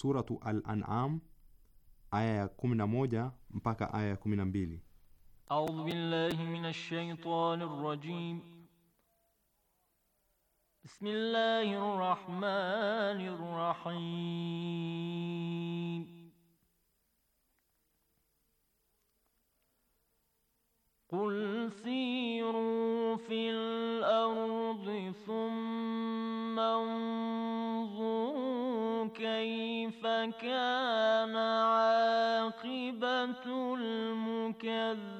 Suratu Al-An'am aya ya 11 mpaka aya ya 12. A'udhu billahi minash shaitani rrajim. Bismillahir rahmanir rahim فكان عاقبة المكذب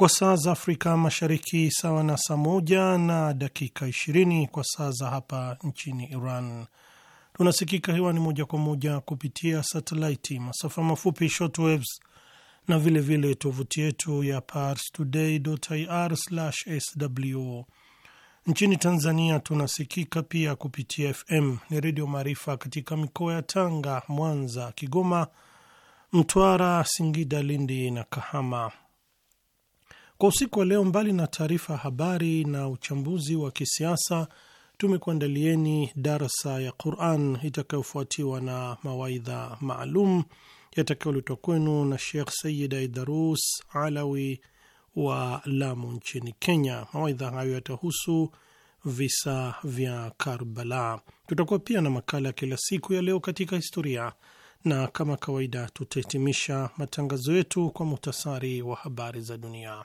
kwa saa za Afrika Mashariki, sawa na saa moja na dakika ishirini kwa saa za hapa nchini Iran. Tunasikika hewani moja kwa moja kupitia satelaiti, masafa mafupi shortwaves, na vilevile tovuti yetu ya parstoday.ir/sw. Nchini Tanzania tunasikika pia kupitia FM ni Redio Maarifa katika mikoa ya Tanga, Mwanza, Kigoma, Mtwara, Singida, Lindi na Kahama. Kwa usiku wa leo, mbali na taarifa ya habari na uchambuzi wa kisiasa, tumekuandalieni darasa ya Quran itakayofuatiwa na mawaidha maalum yatakayoletwa kwenu na Shekh Sayid Aidarus Alawi wa Lamu nchini Kenya. Mawaidha hayo yatahusu visa vya Karbala. Tutakuwa pia na makala ya kila siku ya leo katika historia, na kama kawaida tutahitimisha matangazo yetu kwa muhtasari wa habari za dunia.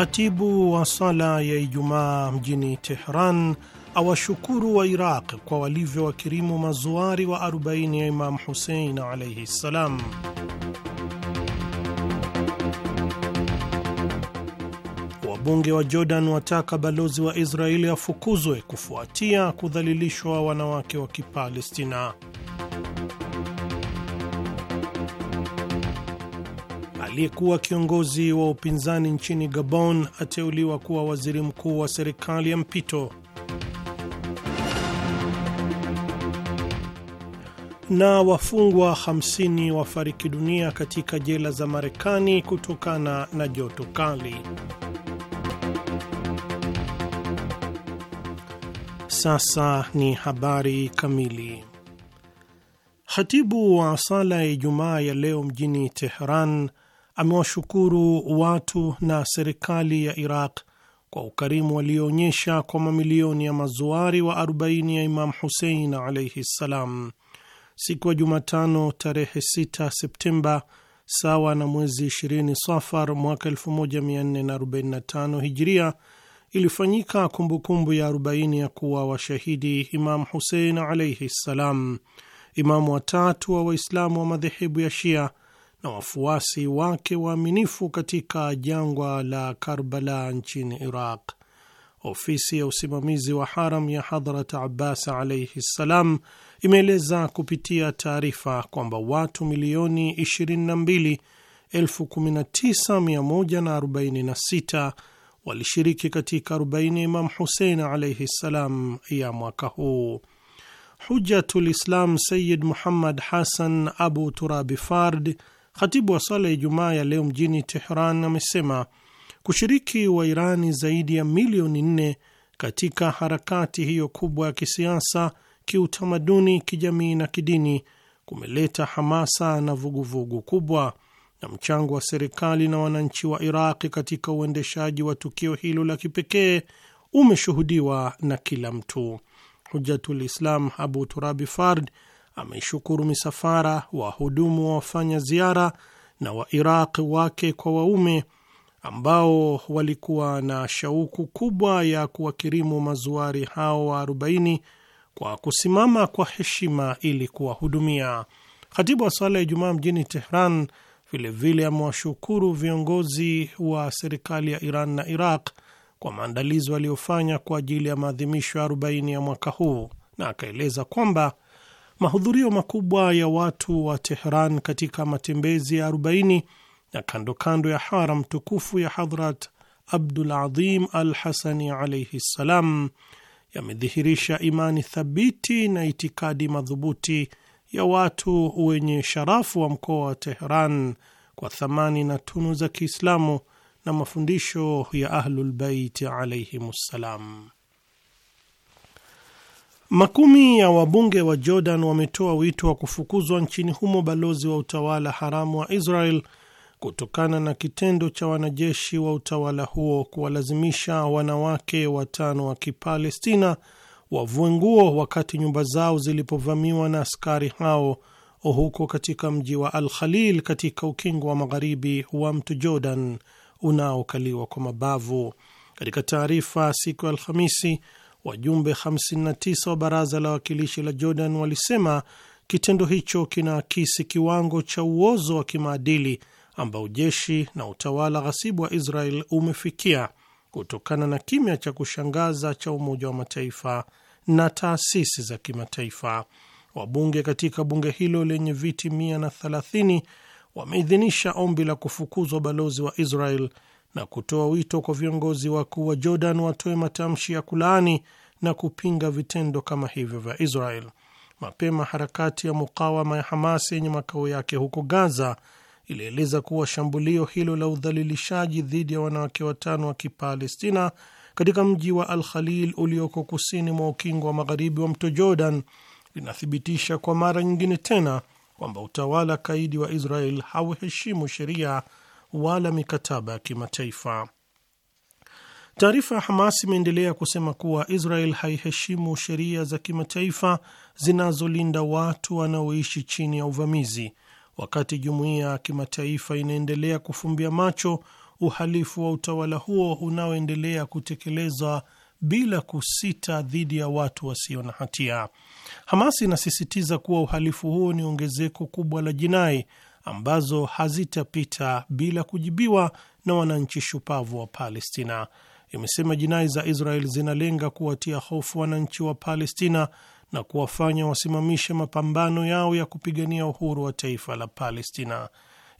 Khatibu wa sala ya Ijumaa mjini Tehran awashukuru wa Iraq kwa walivyo wakirimu mazuari wa 40 ya Imamu Husein alaihi ssalam. Wabunge wa Jordan wataka balozi wa Israeli afukuzwe kufuatia kudhalilishwa wanawake wa Kipalestina. aliyekuwa kiongozi wa upinzani nchini Gabon ateuliwa kuwa waziri mkuu wa serikali ya mpito. Na wafungwa 50 wafariki dunia katika jela za Marekani kutokana na joto kali. Sasa ni habari kamili. Khatibu wa sala ya Ijumaa ya leo mjini Teheran amewashukuru watu na serikali ya Iraq kwa ukarimu walioonyesha kwa mamilioni ya mazuari wa 40 ya Imam Husein alaihi ssalam siku ya Jumatano tarehe 6 Septemba sawa na mwezi 20 Safar mwaka 1445 Hijria ilifanyika kumbukumbu ya 40 ya kuwa washahidi Imam Husein alaihi ssalam, imamu watatu wa Waislamu wa madhehebu ya Shia na wafuasi wake waaminifu katika jangwa la Karbala nchini Iraq. Ofisi ya usimamizi wa haram ya Hadhrat Abbas alaihi ssalam imeeleza kupitia taarifa kwamba watu milioni 22,19146 walishiriki katika 40 Imam Husein alaihi ssalam ya mwaka huu. hujjatul Islam Sayid Muhammad Hasan Abu Turabi Fard Khatibu wa sala ya Ijumaa ya leo mjini Tehran amesema kushiriki wa Irani zaidi ya milioni nne katika harakati hiyo kubwa ya kisiasa, kiutamaduni, kijamii na kidini kumeleta hamasa na vuguvugu vugu kubwa, na mchango wa serikali na wananchi wa Iraqi katika uendeshaji wa tukio hilo la kipekee umeshuhudiwa na kila mtu. Hujjatul Islam Abu Turabi Fard ameishukuru misafara wahudumu wa wafanya ziara na wa Iraq wake kwa waume ambao walikuwa na shauku kubwa ya kuwakirimu mazuari hao wa 40 kwa kusimama kwa heshima ili kuwahudumia. Khatibu wa swala ya Ijumaa mjini Tehran vilevile amewashukuru viongozi wa serikali ya Iran na Iraq kwa maandalizi waliofanya kwa ajili ya maadhimisho ya 40 ya mwaka huu na akaeleza kwamba Mahudhurio makubwa ya watu wa Tehran katika matembezi ya 40 na kando kando ya haram tukufu ya Hadhrat Abdul Adhim Al Hasani alaihi ssalam yamedhihirisha imani thabiti na itikadi madhubuti ya watu wenye sharafu wa mkoa wa Tehran kwa thamani na tunu za Kiislamu na mafundisho ya Ahlulbeit ssalam Makumi ya wabunge wa Jordan wametoa wito wa kufukuzwa nchini humo balozi wa utawala haramu wa Israel kutokana na kitendo cha wanajeshi wa utawala huo kuwalazimisha wanawake watano wa Kipalestina wavue nguo wakati nyumba zao zilipovamiwa na askari hao huko katika mji wa Al Khalil katika ukingo wa magharibi wa mto Jordan unaokaliwa kwa mabavu. Katika taarifa siku ya Alhamisi, wajumbe 59 wa baraza la wawakilishi la Jordan walisema kitendo hicho kinaakisi kiwango cha uozo wa kimaadili ambao jeshi na utawala ghasibu wa Israel umefikia kutokana na kimya cha kushangaza cha Umoja wa Mataifa na taasisi za kimataifa. Wabunge katika bunge hilo lenye viti 130 wameidhinisha ombi la kufukuzwa balozi wa Israel na kutoa wito kwa viongozi wakuu wa Jordan watoe matamshi ya kulaani na kupinga vitendo kama hivyo vya Israel. Mapema harakati ya mukawama ya Hamas yenye makao yake huko Gaza ilieleza kuwa shambulio hilo la udhalilishaji dhidi ya wanawake watano wa Kipalestina katika mji wa Al Khalil ulioko kusini mwa ukingo wa magharibi wa mto Jordan linathibitisha kwa mara nyingine tena kwamba utawala kaidi wa Israel hauheshimu sheria wala mikataba ya kimataifa. Taarifa ya Hamas imeendelea kusema kuwa Israel haiheshimu sheria za kimataifa zinazolinda watu wanaoishi chini ya uvamizi, wakati jumuiya ya kimataifa inaendelea kufumbia macho uhalifu wa utawala huo unaoendelea kutekelezwa bila kusita dhidi ya watu wasio na hatia. Hamas inasisitiza kuwa uhalifu huo ni ongezeko kubwa la jinai ambazo hazitapita bila kujibiwa na wananchi shupavu wa Palestina. Imesema jinai za Israel zinalenga kuwatia hofu wananchi wa Palestina na kuwafanya wasimamishe mapambano yao ya kupigania uhuru wa taifa la Palestina.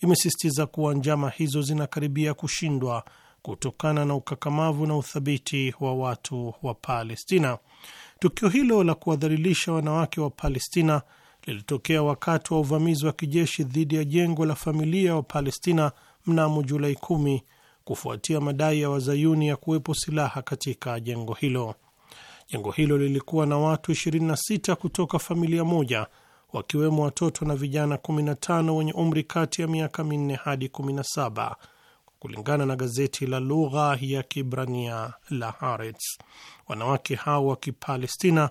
Imesisitiza kuwa njama hizo zinakaribia kushindwa kutokana na ukakamavu na uthabiti wa watu wa Palestina. Tukio hilo la kuwadhalilisha wanawake wa Palestina lilitokea wakati wa uvamizi wa kijeshi dhidi ya jengo la familia wa Palestina mnamo Julai kumi, kufuatia madai ya wazayuni ya kuwepo silaha katika jengo hilo. Jengo hilo lilikuwa na watu 26 kutoka familia moja, wakiwemo watoto na vijana 15 wenye umri kati ya miaka minne hadi 17 kulingana na gazeti la lugha ya Kibrania la Haaretz. Wanawake hao wa Kipalestina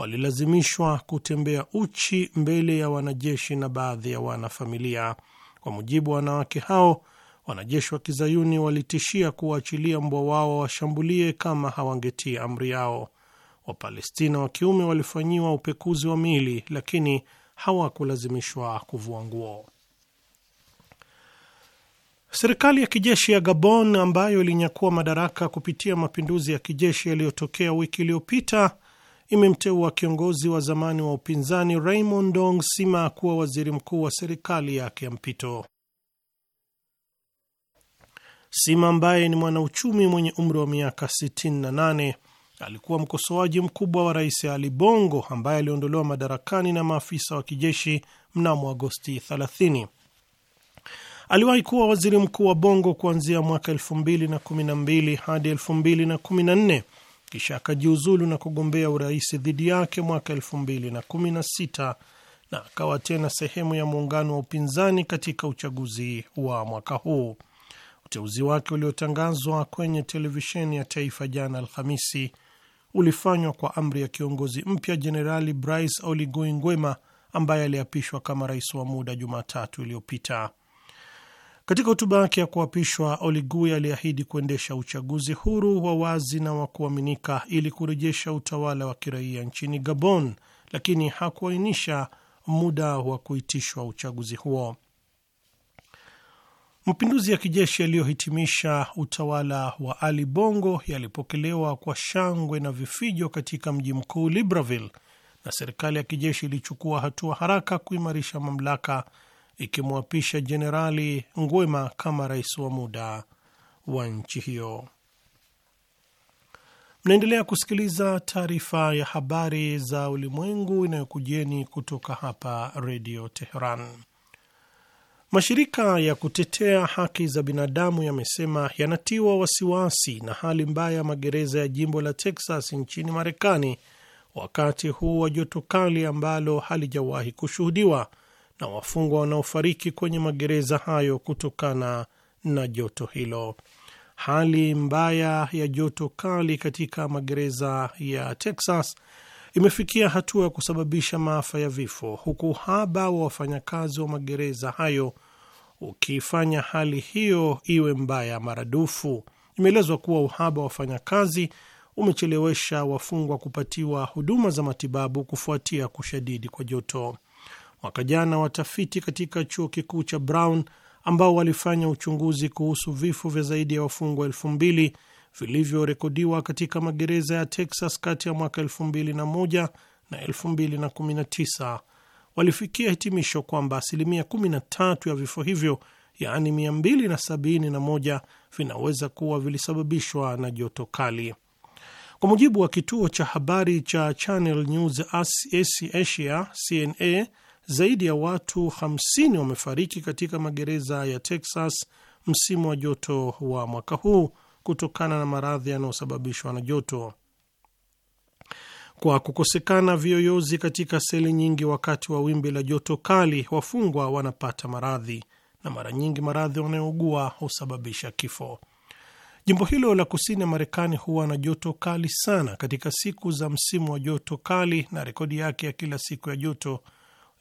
walilazimishwa kutembea uchi mbele ya wanajeshi na baadhi ya wanafamilia. Kwa mujibu wa wanawake hao, wanajeshi wa kizayuni walitishia kuwaachilia mbwa wao washambulie kama hawangetii amri yao. Wapalestina wa kiume walifanyiwa upekuzi wa miili, lakini hawakulazimishwa kuvua nguo. Serikali ya kijeshi ya Gabon ambayo ilinyakua madaraka kupitia mapinduzi ya kijeshi yaliyotokea wiki iliyopita imemteua kiongozi wa zamani wa upinzani Raymond Dong Sima kuwa waziri mkuu wa serikali yake ya mpito. Sima ambaye ni mwanauchumi mwenye umri wa miaka 68 alikuwa mkosoaji mkubwa wa rais Ali Bongo ambaye aliondolewa madarakani na maafisa wa kijeshi mnamo Agosti 30. Aliwahi kuwa waziri mkuu wa Bongo kuanzia mwaka 212 hadi 2014 kisha akajiuzulu na kugombea urais dhidi yake mwaka 2016 na akawa tena sehemu ya muungano wa upinzani katika uchaguzi wa mwaka huu. Uteuzi wake uliotangazwa kwenye televisheni ya taifa jana Alhamisi ulifanywa kwa amri ya kiongozi mpya Jenerali Brice Oligui Nguema ambaye aliapishwa kama rais wa muda Jumatatu iliyopita. Katika hotuba yake ya kuapishwa, Oligui aliahidi kuendesha uchaguzi huru wa wazi na wa kuaminika ili kurejesha utawala wa kiraia nchini Gabon, lakini hakuainisha muda wa kuitishwa uchaguzi huo. Mapinduzi ya kijeshi yaliyohitimisha utawala wa Ali Bongo yalipokelewa kwa shangwe na vifijo katika mji mkuu Libreville, na serikali ya kijeshi ilichukua hatua haraka kuimarisha mamlaka ikimwapisha Jenerali Ngwema kama rais wa muda wa nchi hiyo. Mnaendelea kusikiliza taarifa ya habari za ulimwengu inayokujeni kutoka hapa Redio Teheran. Mashirika ya kutetea haki za binadamu yamesema yanatiwa wasiwasi na hali mbaya ya magereza ya jimbo la Texas nchini Marekani wakati huu wa joto kali ambalo halijawahi kushuhudiwa na wafungwa wanaofariki kwenye magereza hayo kutokana na joto hilo. Hali mbaya ya joto kali katika magereza ya Texas imefikia hatua ya kusababisha maafa ya vifo, huku uhaba wa wafanyakazi wa magereza hayo ukifanya hali hiyo iwe mbaya maradufu. Imeelezwa kuwa uhaba wa wafanyakazi umechelewesha wafungwa kupatiwa huduma za matibabu kufuatia kushadidi kwa joto. Mwaka jana watafiti katika chuo kikuu cha Brown ambao walifanya uchunguzi kuhusu vifo vya zaidi ya wafungwa elfu mbili vilivyorekodiwa katika magereza ya Texas kati ya mwaka mbili na tisa walifikia hitimisho kwamba asilimia 13 ya vifo hivyo, yaani 271, vinaweza kuwa vilisababishwa na joto kali. Kwa mujibu wa kituo cha habari cha Channel News Asia, CNA, zaidi ya watu 50 wamefariki katika magereza ya Texas msimu wa joto wa mwaka huu kutokana na maradhi yanayosababishwa na joto. Kwa kukosekana viyoyozi katika seli nyingi wakati wa wimbi la joto kali, wafungwa wanapata maradhi na mara nyingi maradhi wanayougua husababisha kifo. Jimbo hilo la kusini ya Marekani huwa na joto kali sana katika siku za msimu wa joto kali, na rekodi yake ya kila siku ya joto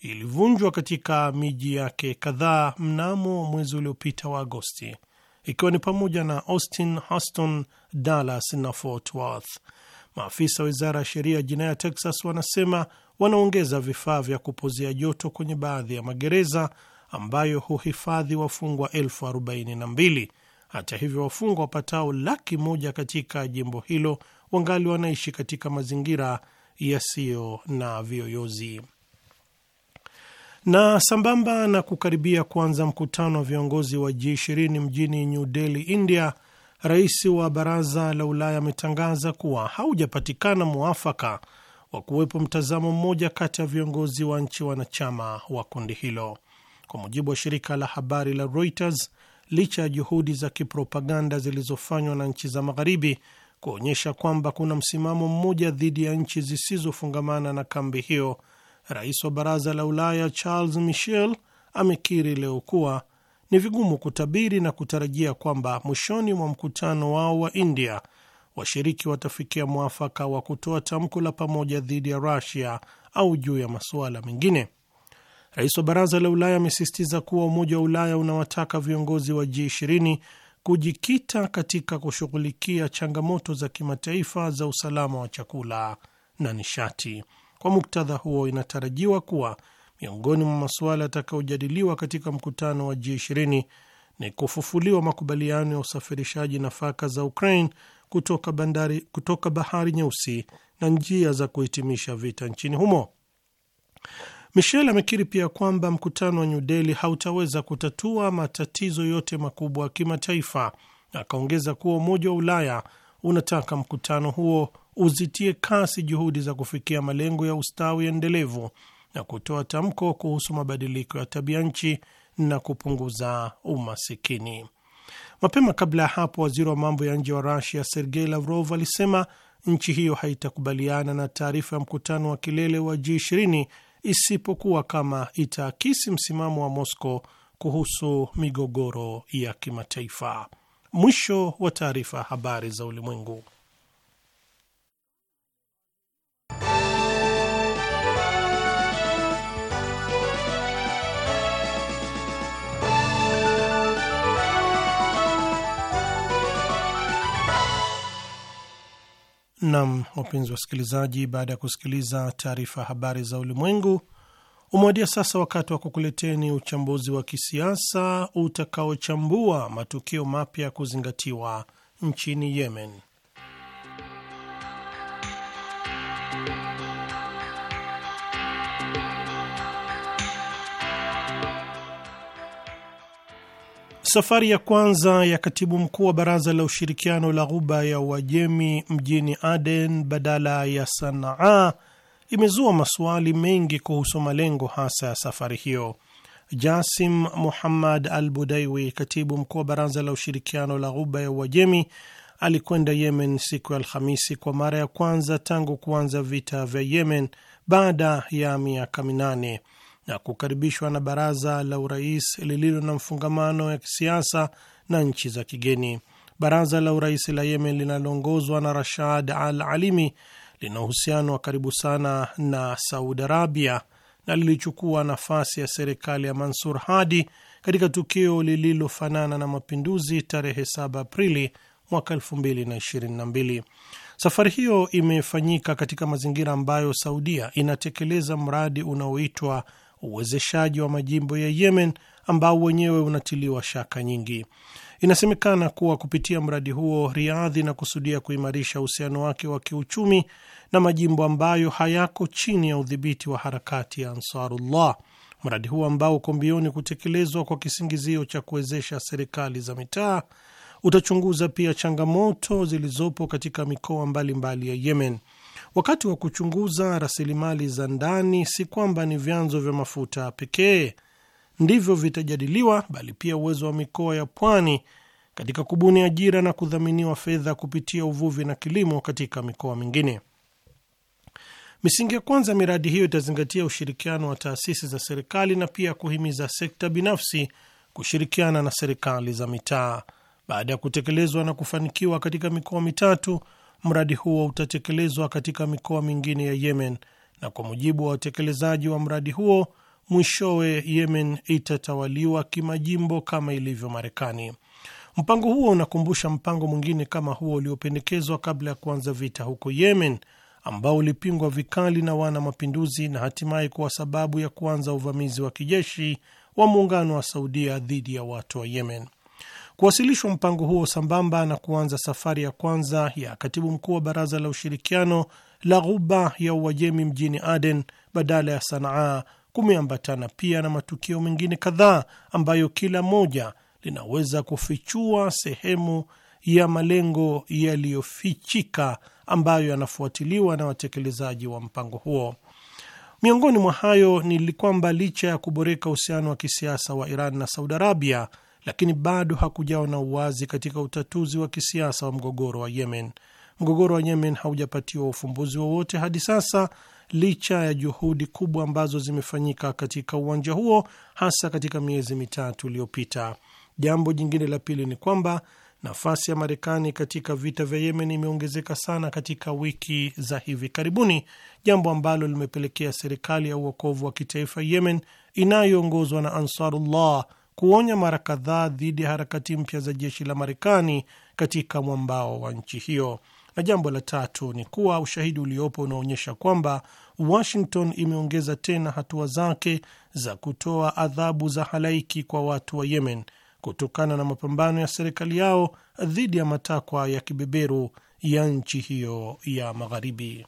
ilivunjwa katika miji yake kadhaa mnamo mwezi uliopita wa Agosti, ikiwa ni pamoja na Austin, Houston, Dallas na Fort Worth. Maafisa wa wizara ya sheria ya jinai ya Texas wanasema wanaongeza vifaa vya kupozea joto kwenye baadhi ya magereza ambayo huhifadhi wafungwa elfu arobaini na mbili. Hata hivyo, wafungwa wapatao laki moja katika jimbo hilo wangali wanaishi katika mazingira yasiyo na viyoyozi. Na sambamba na kukaribia kuanza mkutano wa viongozi wa G20 mjini New Delhi, India, rais wa Baraza la Ulaya ametangaza kuwa haujapatikana mwafaka wa kuwepo mtazamo mmoja kati ya viongozi wa nchi wanachama wa kundi hilo. Kwa mujibu wa shirika la habari la Reuters, licha ya juhudi za kipropaganda zilizofanywa na nchi za Magharibi kuonyesha kwamba kuna msimamo mmoja dhidi ya nchi zisizofungamana na kambi hiyo Rais wa Baraza la Ulaya Charles Michel amekiri leo kuwa ni vigumu kutabiri na kutarajia kwamba mwishoni mwa mkutano wao wa India washiriki watafikia mwafaka wa kutoa tamko la pamoja dhidi ya Rusia au juu ya masuala mengine. Rais wa Baraza la Ulaya amesisitiza kuwa Umoja wa Ulaya unawataka viongozi wa G20 kujikita katika kushughulikia changamoto za kimataifa za usalama wa chakula na nishati. Kwa muktadha huo, inatarajiwa kuwa miongoni mwa masuala yatakayojadiliwa katika mkutano wa G20 ni kufufuliwa makubaliano ya usafirishaji nafaka za Ukraine kutoka bandari, kutoka bahari Nyeusi na njia za kuhitimisha vita nchini humo. Michel amekiri pia kwamba mkutano wa New Delhi hautaweza kutatua matatizo yote makubwa ya kimataifa, akaongeza kuwa Umoja wa Ulaya unataka mkutano huo uzitie kasi juhudi za kufikia malengo ya ustawi endelevu na kutoa tamko kuhusu mabadiliko ya tabia nchi na kupunguza umasikini. Mapema kabla ya hapo, waziri wa mambo ya nje wa Rusia Sergei Lavrov alisema nchi hiyo haitakubaliana na taarifa ya mkutano wa kilele wa G20 isipokuwa kama itaakisi msimamo wa Moscow kuhusu migogoro ya kimataifa. Mwisho wa taarifa. Habari za Ulimwengu. Nam, wapenzi wasikilizaji, baada ya kusikiliza taarifa habari za ulimwengu, umewadia sasa wakati wa kukuleteni uchambuzi wa kisiasa utakaochambua matukio mapya kuzingatiwa nchini Yemen. Safari ya kwanza ya katibu mkuu wa baraza la ushirikiano la Ghuba ya Uajemi mjini Aden badala ya Sanaa imezua maswali mengi kuhusu malengo hasa ya safari hiyo. Jasim Muhammad Al Budaiwi, katibu mkuu wa baraza la ushirikiano la Ghuba ya Uajemi, alikwenda Yemen siku ya Alhamisi kwa mara ya kwanza tangu kuanza vita vya Yemen baada ya miaka minane na kukaribishwa na baraza la urais lililo na mfungamano ya kisiasa na nchi za kigeni. Baraza la urais la Yemen linaloongozwa na Rashad Al Alimi lina uhusiano wa karibu sana na Saudi Arabia na lilichukua nafasi ya serikali ya Mansur Hadi katika tukio lililofanana na mapinduzi tarehe 7 Aprili mwaka 2022. Safari hiyo imefanyika katika mazingira ambayo Saudia inatekeleza mradi unaoitwa uwezeshaji wa majimbo ya Yemen ambao wenyewe unatiliwa shaka nyingi. Inasemekana kuwa kupitia mradi huo Riyadh inakusudia kuimarisha uhusiano wake wa kiuchumi na majimbo ambayo hayako chini ya udhibiti wa harakati ya Ansarullah. Mradi huo ambao uko mbioni kutekelezwa kwa kisingizio cha kuwezesha serikali za mitaa utachunguza pia changamoto zilizopo katika mikoa mbalimbali mbali ya Yemen. Wakati wa kuchunguza rasilimali za ndani, si kwamba ni vyanzo vya mafuta pekee ndivyo vitajadiliwa, bali pia uwezo wa mikoa ya pwani katika kubuni ajira na kudhaminiwa fedha kupitia uvuvi na kilimo katika mikoa mingine. Misingi ya kwanza miradi hiyo itazingatia ushirikiano wa taasisi za serikali na pia kuhimiza sekta binafsi kushirikiana na serikali za mitaa. Baada ya kutekelezwa na kufanikiwa katika mikoa mitatu, Mradi huo utatekelezwa katika mikoa mingine ya Yemen, na kwa mujibu wa watekelezaji wa mradi huo, mwishowe Yemen itatawaliwa kimajimbo kama ilivyo Marekani. Mpango huo unakumbusha mpango mwingine kama huo uliopendekezwa kabla ya kuanza vita huko Yemen, ambao ulipingwa vikali na wana mapinduzi na hatimaye kuwa sababu ya kuanza uvamizi wa kijeshi wa muungano wa Saudia dhidi ya watu wa Yemen. Kuwasilishwa mpango huo sambamba na kuanza safari ya kwanza ya katibu mkuu wa Baraza la Ushirikiano la Ghuba ya Uajemi mjini Aden badala ya Sanaa kumeambatana pia na matukio mengine kadhaa ambayo kila moja linaweza kufichua sehemu ya malengo yaliyofichika ambayo yanafuatiliwa na watekelezaji wa mpango huo. Miongoni mwa hayo ni kwamba licha ya kuboreka uhusiano wa kisiasa wa Iran na Saudi Arabia, lakini bado hakujawa na uwazi katika utatuzi wa kisiasa wa mgogoro wa Yemen. Mgogoro wa Yemen haujapatiwa ufumbuzi wowote hadi sasa licha ya juhudi kubwa ambazo zimefanyika katika uwanja huo, hasa katika miezi mitatu iliyopita. Jambo jingine la pili ni kwamba nafasi ya Marekani katika vita vya Yemen imeongezeka sana katika wiki za hivi karibuni, jambo ambalo limepelekea serikali ya uokovu wa kitaifa Yemen inayoongozwa na Ansarullah kuonya mara kadhaa dhidi ya harakati mpya za jeshi la Marekani katika mwambao wa nchi hiyo. Na jambo la tatu ni kuwa ushahidi uliopo unaonyesha kwamba Washington imeongeza tena hatua zake za kutoa adhabu za halaiki kwa watu wa Yemen kutokana na mapambano ya serikali yao dhidi ya matakwa ya kibeberu ya nchi hiyo ya Magharibi.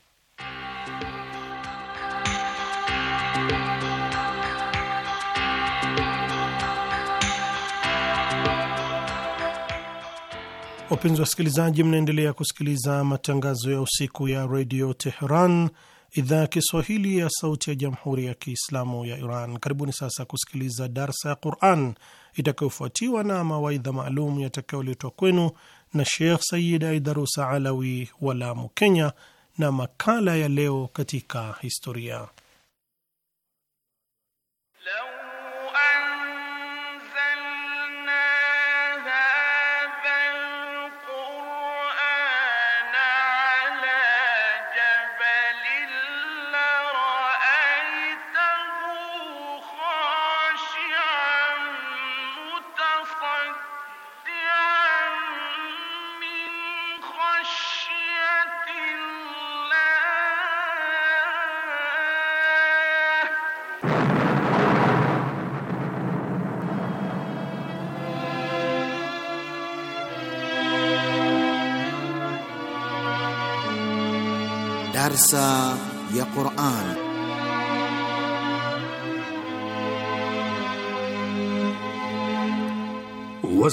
Wapenzi wasikilizaji, mnaendelea kusikiliza matangazo ya usiku ya redio Teheran, idhaa ya Kiswahili ya sauti ya jamhuri ya Kiislamu ya Iran. Karibuni sasa kusikiliza darsa ya Quran itakayofuatiwa na mawaidha maalum yatakayoletwa kwenu na Sheikh Sayid aidharusa Alawi wa Lamu, Kenya, na makala ya leo katika historia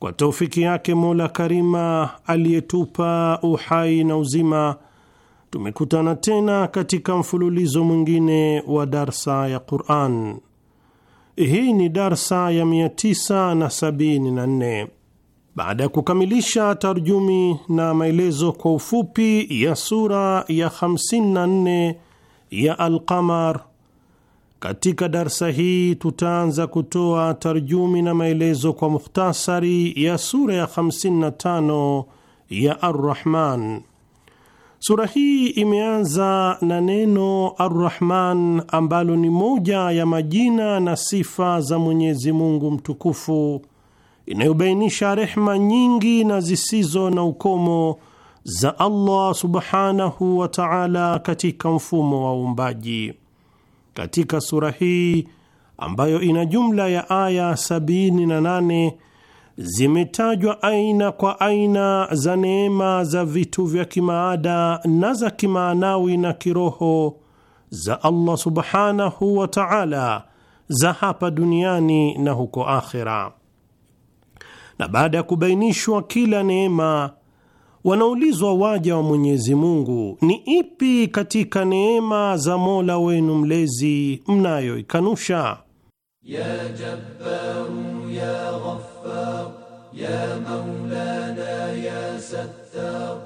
kwa taufiki yake Mola Karima aliyetupa uhai na uzima, tumekutana tena katika mfululizo mwingine wa darsa ya Quran. Hii ni darsa ya 974 baada ya kukamilisha tarjumi na maelezo kwa ufupi ya sura ya 54 ya Alqamar. Katika darsa hii tutaanza kutoa tarjumi na maelezo kwa mukhtasari ya sura ya 55 ya arrahman Sura hii imeanza na neno arrahman ambalo ni moja ya majina na sifa za Mwenyezi Mungu mtukufu inayobainisha rehma nyingi na zisizo na ukomo za Allah Subhanahu wa Ta'ala katika mfumo wa uumbaji. Katika sura hii ambayo ina jumla ya aya 78 zimetajwa aina kwa aina za neema za vitu vya kimaada na za kimaanawi na kiroho za Allah subhanahu wa ta'ala za hapa duniani na huko akhera. Na baada ya kubainishwa kila neema wanaulizwa waja wa Mwenyezi Mungu, ni ipi katika neema za Mola wenu mlezi mnayoikanusha? ya Jabbaru ya Ghaffar ya Maulana ya Sattar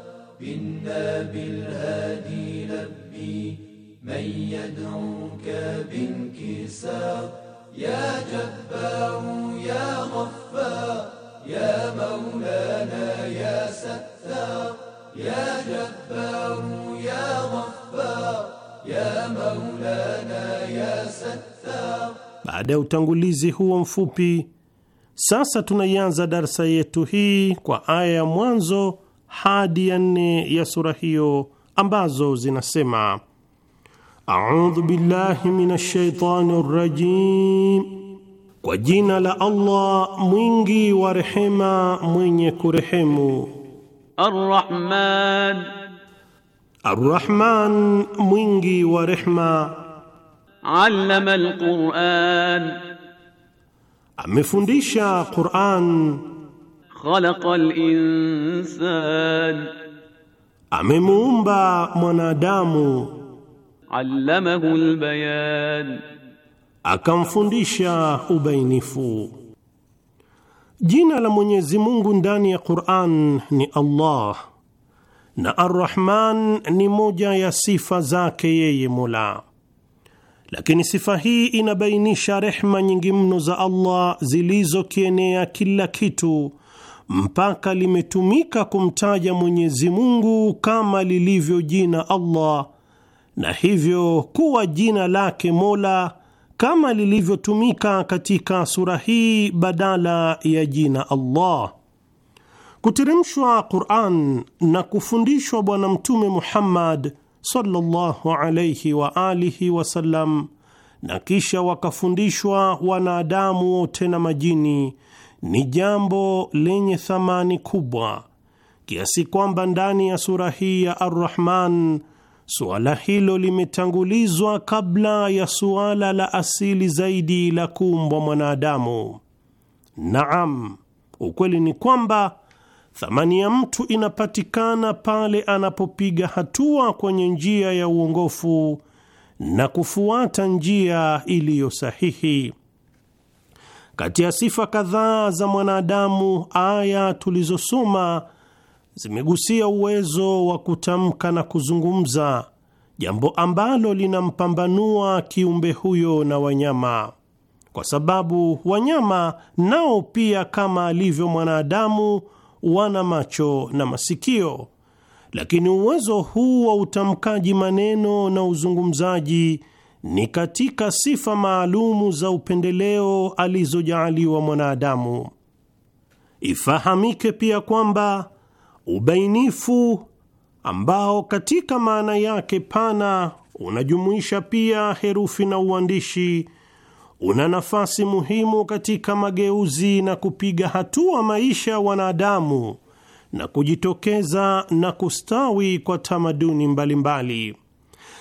bil hadi labbi man yad'uka binkisar ya Jabbaru ya Ghaffar يا مولانا يا ستار يا جبار يا غفار يا مولانا ya sattar. Baada ya utangulizi huo mfupi, sasa tunaianza darsa yetu hii kwa aya ya mwanzo hadi ya nne ya sura hiyo ambazo zinasema: audhu billahi minash shaitani rajim Kwa jina la Allah mwingi wa rehema mwenye kurehemu. Ar-Rahman, Ar-Rahman mwingi wa rehema. Allama al-Quran, amefundisha Quran. Khalaqa al-insan, amemuumba mwanadamu. Allamahu al-bayan akamfundisha ubainifu. Jina la Mwenyezi Mungu ndani ya Qur'an ni Allah na Ar-Rahman ni moja ya sifa zake yeye Mola, lakini sifa hii inabainisha rehma nyingi mno za Allah zilizokienea kila kitu mpaka limetumika kumtaja Mwenyezi Mungu kama lilivyo jina Allah, na hivyo kuwa jina lake Mola kama lilivyotumika katika sura hii badala ya jina Allah. Kuteremshwa Quran na kufundishwa Bwana Mtume Muhammad sallallahu alayhi wa alihi wasallam, na kisha wakafundishwa wanadamu wote na majini, ni jambo lenye thamani kubwa kiasi kwamba ndani ya sura hii ya Ar-Rahman suala hilo limetangulizwa kabla ya suala la asili zaidi la kuumbwa mwanadamu. Naam, ukweli ni kwamba thamani ya mtu inapatikana pale anapopiga hatua kwenye njia ya uongofu na kufuata njia iliyo sahihi. Kati ya sifa kadhaa za mwanadamu, aya tulizosoma zimegusia uwezo wa kutamka na kuzungumza, jambo ambalo linampambanua kiumbe huyo na wanyama, kwa sababu wanyama nao pia kama alivyo mwanadamu wana macho na masikio, lakini uwezo huu wa utamkaji maneno na uzungumzaji ni katika sifa maalumu za upendeleo alizojaaliwa mwanadamu. Ifahamike pia kwamba ubainifu ambao katika maana yake pana unajumuisha pia herufi na uandishi, una nafasi muhimu katika mageuzi na kupiga hatua maisha ya wanadamu na kujitokeza na kustawi kwa tamaduni mbalimbali.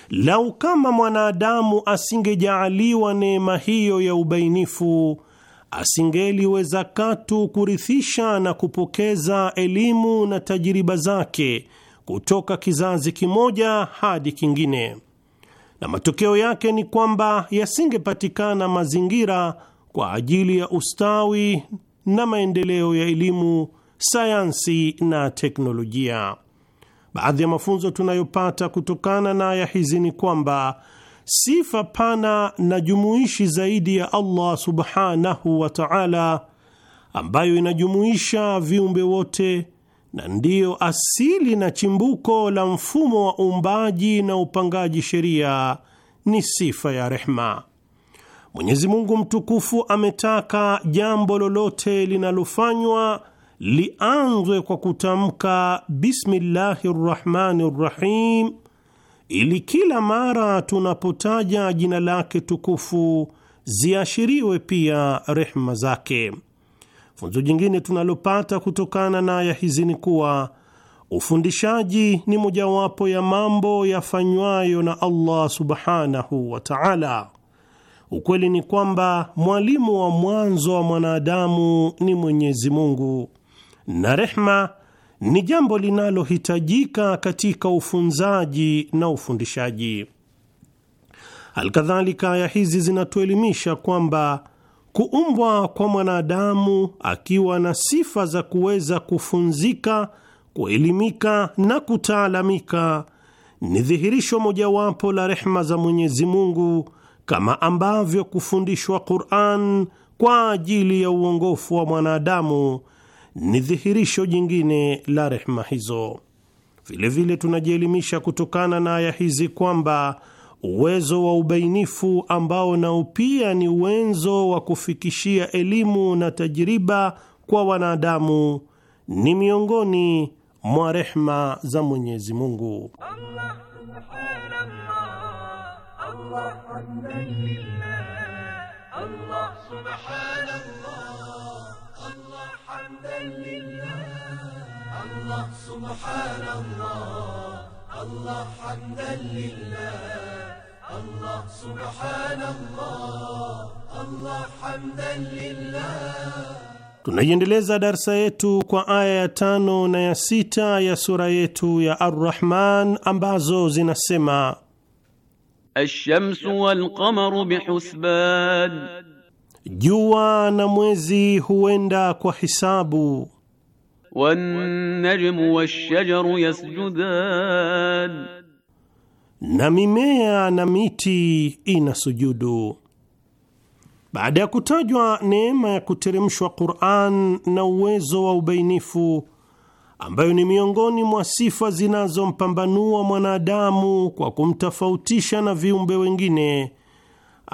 Lau kama mwanadamu asingejaaliwa neema hiyo ya ubainifu asingeliweza katu kurithisha na kupokeza elimu na tajiriba zake kutoka kizazi kimoja hadi kingine, na matokeo yake ni kwamba yasingepatikana mazingira kwa ajili ya ustawi na maendeleo ya elimu, sayansi na teknolojia. Baadhi ya mafunzo tunayopata kutokana na aya hizi ni kwamba sifa pana na jumuishi zaidi ya Allah subhanahu wa ta'ala, ambayo inajumuisha viumbe wote na ndiyo asili na chimbuko la mfumo wa uumbaji na upangaji sheria, ni sifa ya rehma. Mwenyezi Mungu mtukufu ametaka jambo lolote linalofanywa lianzwe kwa kutamka bismillahi rrahmani ili kila mara tunapotaja jina lake tukufu ziashiriwe pia rehma zake. Funzo jingine tunalopata kutokana na aya hizi ni kuwa ufundishaji ni mojawapo ya mambo yafanywayo na Allah subhanahu wa ta'ala. Ukweli ni kwamba mwalimu wa mwanzo wa mwanadamu ni Mwenyezi Mungu na rehma ni jambo linalohitajika katika ufunzaji na ufundishaji. Alkadhalika, aya hizi zinatuelimisha kwamba kuumbwa kwa mwanadamu akiwa na sifa za kuweza kufunzika, kuelimika na kutaalamika ni dhihirisho mojawapo la rehma za Mwenyezi Mungu, kama ambavyo kufundishwa Qur'an kwa ajili ya uongofu wa mwanadamu ni dhihirisho jingine la rehma hizo. Vilevile tunajielimisha kutokana na aya hizi kwamba uwezo wa ubainifu ambao nao pia ni uwezo wa kufikishia elimu na tajiriba kwa wanadamu ni miongoni mwa rehma za Mwenyezi Mungu Allah, حمدا لله الله سبحان الله الله حمدا لله الله سبحان الله الله حمدا لله Tunaiendeleza darsa yetu kwa aya ya tano na ya sita ya sura yetu ya Ar-Rahman ambazo zinasema: Ash-shamsu wal-qamaru bihusban jua na mwezi huenda kwa hisabu. Wan-najmu wash-shajaru yasjudan, na mimea na miti inasujudu. Baada ya kutajwa neema ya kuteremshwa Qur'an na uwezo wa ubainifu ambayo ni miongoni mwa sifa zinazompambanua mwanadamu kwa kumtofautisha na viumbe wengine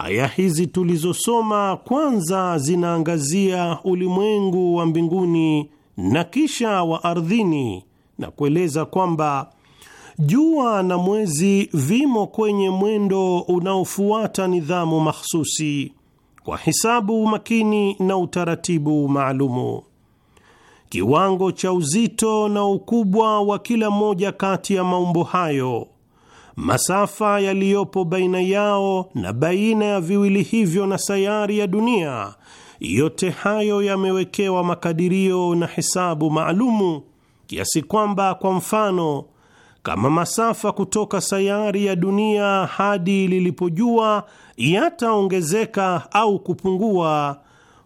Aya hizi tulizosoma kwanza zinaangazia ulimwengu wa mbinguni na kisha wa ardhini na kueleza kwamba jua na mwezi vimo kwenye mwendo unaofuata nidhamu mahsusi kwa hisabu makini na utaratibu maalumu. Kiwango cha uzito na ukubwa wa kila moja kati ya maumbo hayo masafa yaliyopo baina yao na baina ya viwili hivyo na sayari ya dunia, yote hayo yamewekewa makadirio na hesabu maalumu, kiasi kwamba kwa mfano kama masafa kutoka sayari ya dunia hadi lilipojua yataongezeka au kupungua,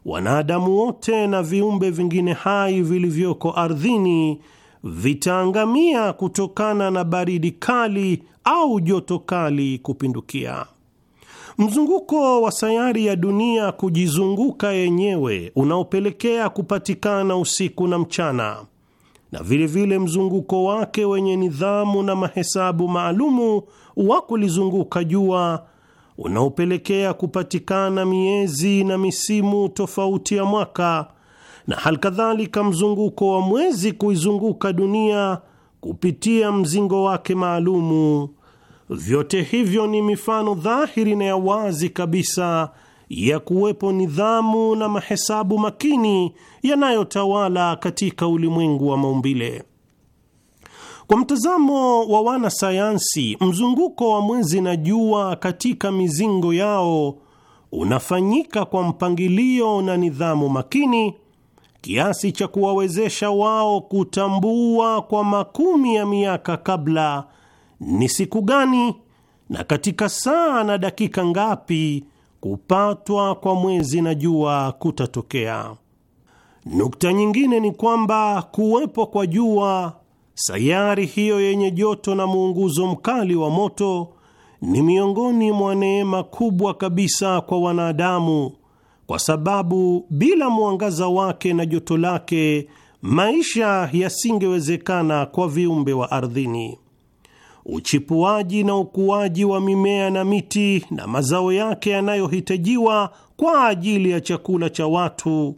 wanadamu wote na viumbe vingine hai vilivyoko ardhini vitaangamia kutokana na baridi kali au joto kali kupindukia. Mzunguko wa sayari ya dunia kujizunguka yenyewe unaopelekea kupatikana usiku na mchana, na vilevile mzunguko wake wenye nidhamu na mahesabu maalumu wa kulizunguka jua unaopelekea kupatikana miezi na misimu tofauti ya mwaka na hal kadhalika mzunguko wa mwezi kuizunguka dunia kupitia mzingo wake maalumu. Vyote hivyo ni mifano dhahiri na ya wazi kabisa ya kuwepo nidhamu na mahesabu makini yanayotawala katika ulimwengu wa maumbile. Kwa mtazamo wa wanasayansi, mzunguko wa mwezi na jua katika mizingo yao unafanyika kwa mpangilio na nidhamu makini kiasi cha kuwawezesha wao kutambua kwa makumi ya miaka kabla ni siku gani na katika saa na dakika ngapi kupatwa kwa mwezi na jua kutatokea. Nukta nyingine ni kwamba kuwepo kwa jua, sayari hiyo yenye joto na muunguzo mkali wa moto, ni miongoni mwa neema kubwa kabisa kwa wanadamu kwa sababu bila mwangaza wake na joto lake maisha yasingewezekana kwa viumbe wa ardhini. Uchipuaji na ukuaji wa mimea na miti na mazao yake yanayohitajiwa kwa ajili ya chakula cha watu,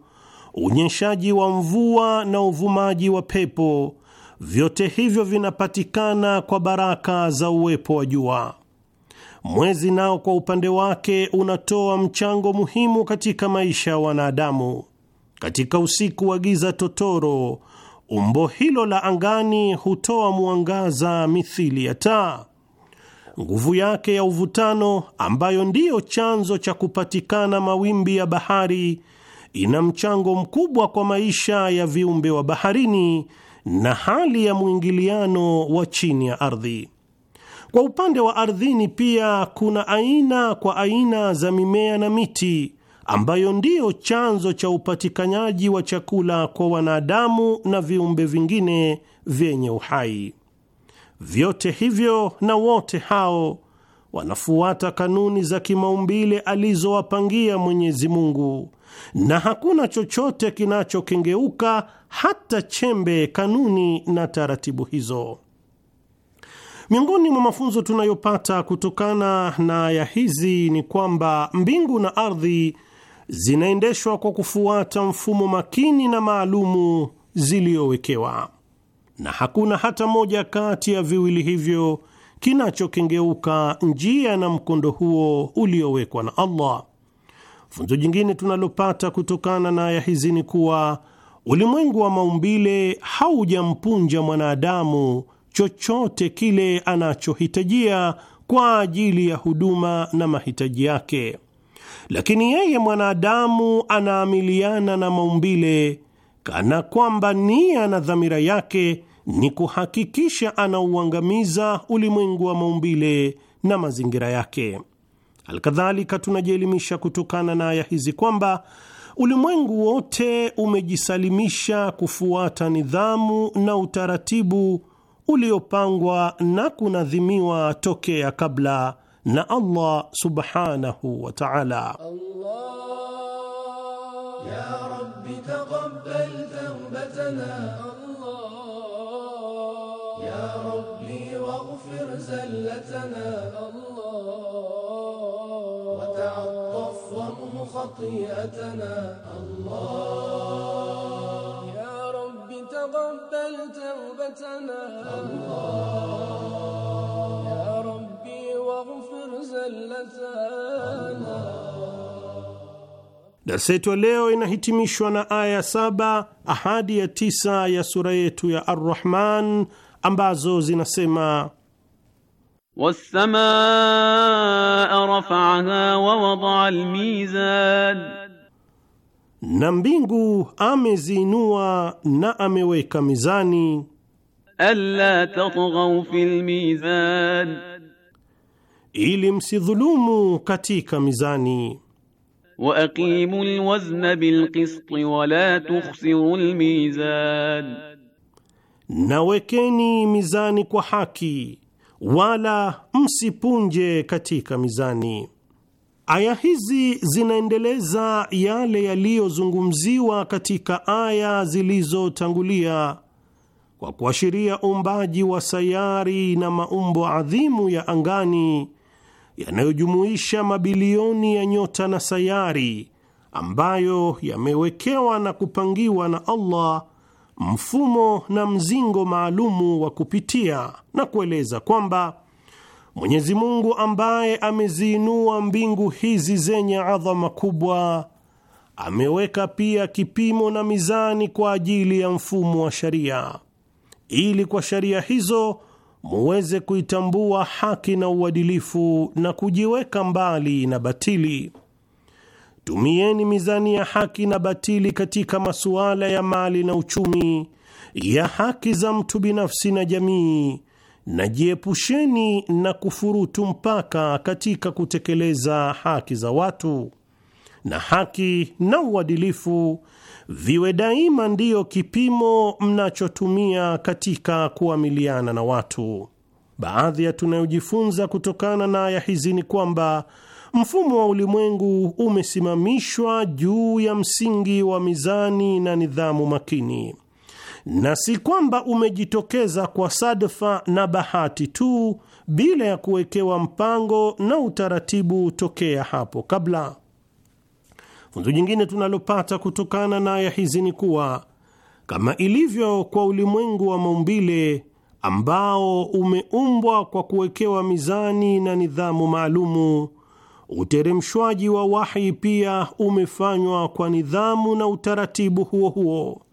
unyeshaji wa mvua na uvumaji wa pepo, vyote hivyo vinapatikana kwa baraka za uwepo wa jua. Mwezi nao kwa upande wake unatoa mchango muhimu katika maisha ya wanadamu. Katika usiku wa giza totoro, umbo hilo la angani hutoa mwangaza mithili ya taa. Nguvu yake ya uvutano, ambayo ndiyo chanzo cha kupatikana mawimbi ya bahari, ina mchango mkubwa kwa maisha ya viumbe wa baharini na hali ya mwingiliano wa chini ya ardhi. Kwa upande wa ardhini pia kuna aina kwa aina za mimea na miti ambayo ndiyo chanzo cha upatikanaji wa chakula kwa wanadamu na viumbe vingine vyenye uhai. Vyote hivyo na wote hao wanafuata kanuni za kimaumbile alizowapangia Mwenyezi Mungu, na hakuna chochote kinachokengeuka hata chembe kanuni na taratibu hizo. Miongoni mwa mafunzo tunayopata kutokana na ya hizi ni kwamba mbingu na ardhi zinaendeshwa kwa kufuata mfumo makini na maalumu ziliyowekewa, na hakuna hata moja kati ya viwili hivyo kinachokengeuka njia na mkondo huo uliowekwa na Allah. Funzo jingine tunalopata kutokana na aya hizi ni kuwa ulimwengu wa maumbile haujampunja mwanadamu chochote kile anachohitajia kwa ajili ya huduma na mahitaji yake, lakini yeye mwanadamu anaamiliana na maumbile kana kwamba nia na dhamira yake ni kuhakikisha anauangamiza ulimwengu wa maumbile na mazingira yake. Alkadhalika, tunajielimisha kutokana na aya hizi kwamba ulimwengu wote umejisalimisha kufuata nidhamu na utaratibu uliopangwa na kunadhimiwa tokea kabla na Allah subhanahu wa ta'ala. Allah تقبل توبتنا يا ربي واغفر زلتنا Darsa yetu ya leo inahitimishwa na aya saba ahadi ya tisa ya sura yetu ya Ar-Rahman ambazo zinasema wassamaa rafaaha wa wadaa almizan na mbingu ameziinua na ameweka mizani, alla tatghaw fil mizan, ili msidhulumu katika mizani. Wa aqimu alwazna bil qist wa la tukhsiru almizan, nawekeni mizani kwa haki wala msipunje katika mizani. Aya hizi zinaendeleza yale yaliyozungumziwa katika aya zilizotangulia kwa kuashiria uumbaji wa sayari na maumbo adhimu ya angani yanayojumuisha mabilioni ya nyota na sayari ambayo yamewekewa na kupangiwa na Allah mfumo na mzingo maalumu wa kupitia na kueleza kwamba Mwenyezi Mungu ambaye ameziinua mbingu hizi zenye adhama kubwa, ameweka pia kipimo na mizani kwa ajili ya mfumo wa sharia, ili kwa sharia hizo muweze kuitambua haki na uadilifu na kujiweka mbali na batili. Tumieni mizani ya haki na batili katika masuala ya mali na uchumi, ya haki za mtu binafsi na jamii najiepusheni na kufurutu mpaka katika kutekeleza haki za watu, na haki na uadilifu viwe daima ndiyo kipimo mnachotumia katika kuamiliana na watu. Baadhi ya tunayojifunza kutokana na aya hizi ni kwamba mfumo wa ulimwengu umesimamishwa juu ya msingi wa mizani na nidhamu makini na si kwamba umejitokeza kwa sadfa na bahati tu bila ya kuwekewa mpango na utaratibu tokea hapo kabla. Funzo jingine tunalopata kutokana na aya hizi ni kuwa kama ilivyo kwa ulimwengu wa maumbile ambao umeumbwa kwa kuwekewa mizani na nidhamu maalumu, uteremshwaji wa wahi pia umefanywa kwa nidhamu na utaratibu huo huo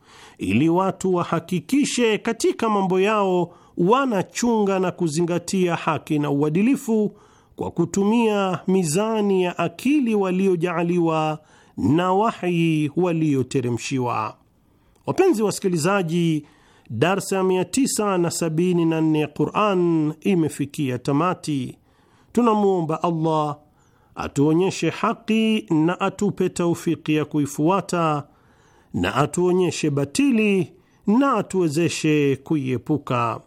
ili watu wahakikishe katika mambo yao wanachunga na kuzingatia haki na uadilifu kwa kutumia mizani ya akili waliojaaliwa na wahyi walioteremshiwa. Wapenzi wasikilizaji, darsa ya 974 ya Quran imefikia tamati. Tunamwomba Allah atuonyeshe haki na atupe taufiki ya kuifuata na atuonyeshe batili na atuwezeshe kuiepuka.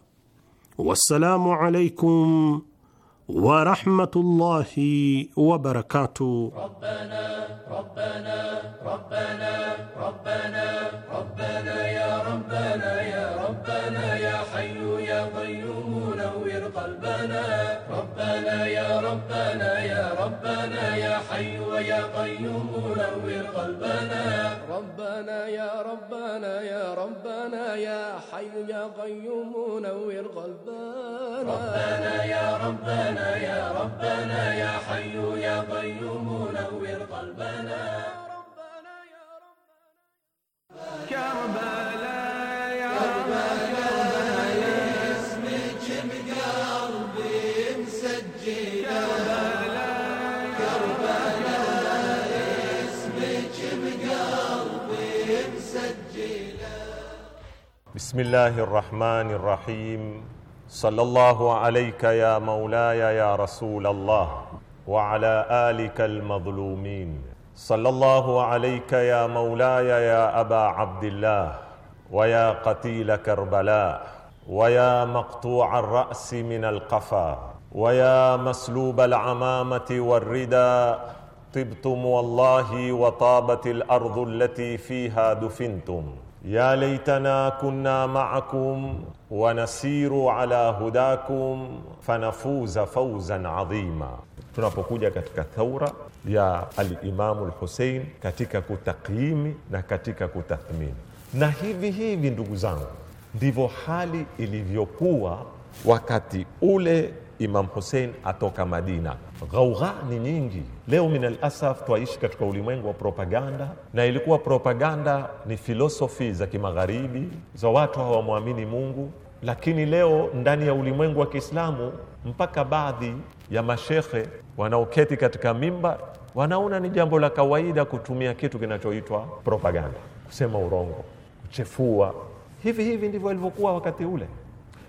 Wassalamu alaikum ورحمة الله وبركاته ربنا ربنا ربنا ربنا ربنا يا ربنا يا ربنا يا حي يا قيوم نور قلبنا ربنا يا ربنا يا ربنا يا حي يا قيوم نور قلبنا ربنا يا ربنا يا ربنا يا حي يا قيوم نور قلبنا ربنا يا ربنا ربنا يا ربنا يا حي يا قيوم نور قلبنا يا كربلاء اسمك بقلبي كربلاء اسمك بقلبي بسم الله الرحمن الرحيم صلى الله عليك يا مولاي يا رسول الله وعلى آلك المظلومين صلى الله عليك يا مولاي يا أبا عبد الله ويا قتيل كربلاء ويا مقطوع الرأس من القفا ويا مسلوب العمامة والردى طبتم والله وطابت الأرض التي فيها دفنتم يا ليتنا كنا معكم ونسير ala hudakum fanafuza fauzan adhima. Tunapokuja katika thaura ya Alimamu Lhusein katika kutakimi na katika kutathmini, na hivi hivi, ndugu zangu, ndivyo hali ilivyokuwa wakati ule Imam Hussein atoka Madina. Ghaugha ni nyingi leo, minal asaf, twaishi katika ulimwengu wa propaganda, na ilikuwa propaganda ni filosofi za kimagharibi za watu hawamwamini Mungu, lakini leo ndani ya ulimwengu wa Kiislamu mpaka baadhi ya mashekhe wanaoketi katika mimbar wanaona ni jambo la kawaida kutumia kitu kinachoitwa propaganda, kusema urongo, kuchefua. Hivi hivi ndivyo walivyokuwa wakati ule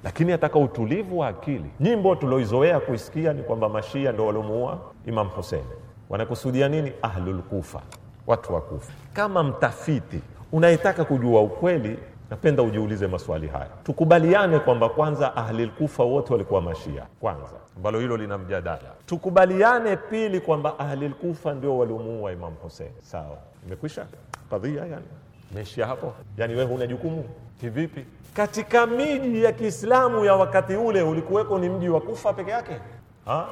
lakini ataka utulivu wa akili. Nyimbo tulioizoea kuisikia ni kwamba mashia ndo waliomuua Imam husen Wanakusudia nini? ahlulkufa watu wa Kufa. Kama mtafiti unayetaka kujua ukweli, napenda ujiulize maswali haya. Tukubaliane kwamba kwanza, ahlilkufa wote walikuwa mashia kwanza, ambalo hilo lina mjadala. Tukubaliane pili, kwamba ahlilkufa ndio waliomuua Imam husen Sawa, imekwisha kadhia, yani imeishia hapo. Yani wewe huna jukumu Kivipi? Katika miji ya Kiislamu ya wakati ule ulikuweko ni mji wa Kufa peke yake? Ha?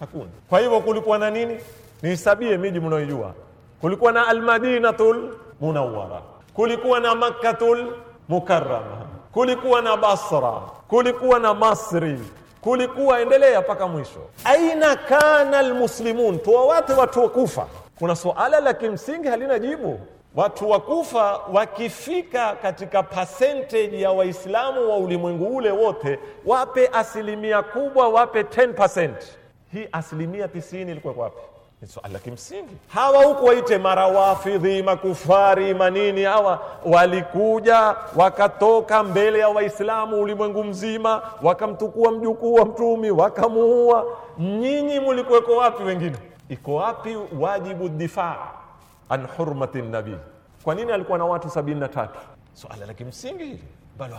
Hakuna. Kwa hivyo kulikuwa na nini? Nihesabie miji mnaoijua. Kulikuwa na Almadinatul Munawwara, kulikuwa na Makkatul Mukarrama, kulikuwa na Basra, kulikuwa na Masri, kulikuwa endelea mpaka mwisho. Aina kana almuslimun, tuwawate watu wa Kufa. Kuna suala la kimsingi halina jibu. Watu wakufa wakifika katika percentage ya Waislamu wa ulimwengu ule wote, wape asilimia kubwa, wape 10%. Hii asilimia 90 ilikuwa wapi? Ni swala la kimsingi. Hawa huku waite marawafidhi, makufari, manini, hawa walikuja wakatoka mbele ya Waislamu ulimwengu mzima, wakamtukua mjukuu wa Mtumi, wakamuua. Nyinyi mulikuweko wapi? Wengine iko wapi wajibu difaa an hurmati nabii. Kwa nini alikuwa na watu sabini na tatu? Swala la kimsingi hili bado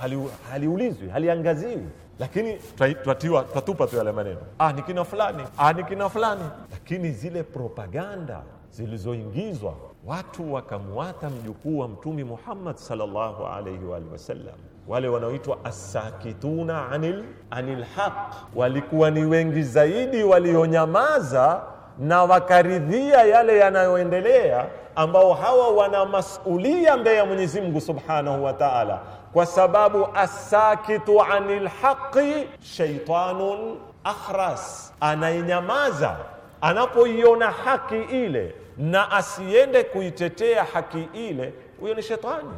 haliulizwi, haliangaziwi, lakini twatiwa twatupa tu yale maneno, ah, ni kina fulani, ah, ni kina fulani. Lakini zile propaganda zilizoingizwa, watu wakamwata mjukuu wa Mtume Muhammad sallallahu alaihi wa alihi wasallam wale wanaoitwa asakituna anil, anil haq walikuwa ni wengi zaidi walionyamaza na wakaridhia yale yanayoendelea ambao hawa wana masulia mbele ya Mwenyezi Mungu Subhanahu wa Ta'ala, kwa sababu asakitu anil haqi shaitanun akhras, anayenyamaza anapoiona haki ile na asiende kuitetea haki ile, huyo ni shetani.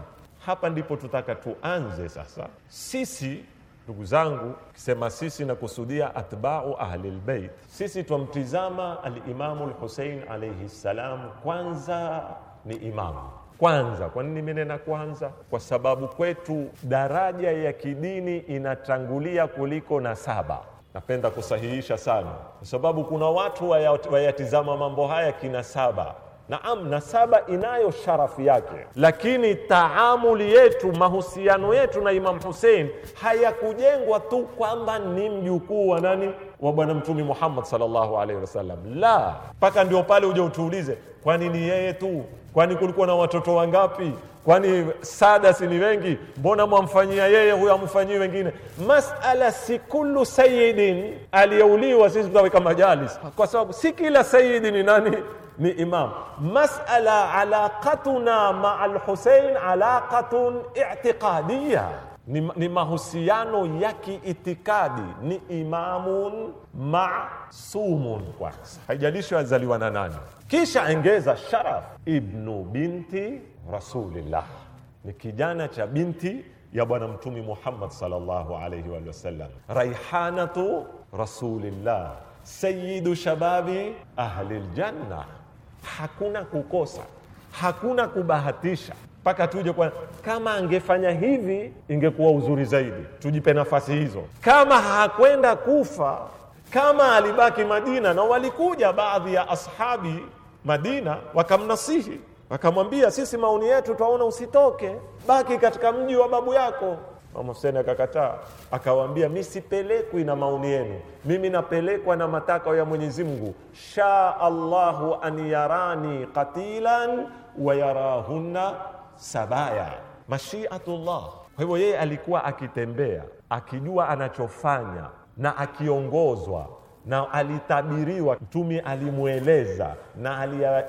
Hapa ndipo tutaka tuanze sasa sisi Ndugu zangu, kisema sisi na kusudia atbau ahli lbeit, sisi twamtizama alimamu lhusein alaihi ssalam, kwanza ni imamu kwanza. Kwa nini nimenena kwanza? Kwa sababu kwetu daraja ya kidini inatangulia kuliko na saba Napenda kusahihisha sana, kwa sababu kuna watu wayatizama mambo haya kina saba Naam, nasaba inayo sharafu yake, lakini taamuli yetu, mahusiano yetu na Imam Hussein hayakujengwa tu kwamba ni mjukuu wa nani, wa Bwana Mtume Muhammad sallallahu alaihi wasallam. La, mpaka ndio pale uje utuulize, kwani ni yeye tu? Kwani kulikuwa na watoto wangapi? kwani sada si ni wengi mbona mwamfanyia yeye huyo amfanyii wengine masala si kullu sayidin aliyeuliwa sisi tutaweka majalis kwa sababu si kila sayidi ni nani ni imam masala alaqatuna maa lhusein alaqatun itiqadiya ni, ni mahusiano ya kiitikadi ni imamun masumun kwanza haijalishi azaliwa na nani kisha engeza sharaf ibnu binti rasulillah, ni kijana cha binti ya Bwana Mtumi Muhammad sallallahu alayhi wa sallam, raihanatu rasulillah, sayyidu shababi ahli aljanna. Hakuna kukosa, hakuna kubahatisha mpaka tuje kwa kama angefanya hivi ingekuwa uzuri zaidi. Tujipe nafasi hizo. Kama hakwenda kufa, kama alibaki Madina, na walikuja baadhi ya ashabi Madina wakamnasihi wakamwambia sisi maoni yetu twaona usitoke baki katika mji wa babu yako Mama Hussein akakataa akawaambia mi sipelekwi na maoni yenu mimi napelekwa na matakwa ya Mwenyezi Mungu sha Allahu an yarani qatilan wa yarahunna sabaya mashiatullah kwa hivyo yeye alikuwa akitembea akijua anachofanya na akiongozwa na alitabiriwa, Mtume alimweleza na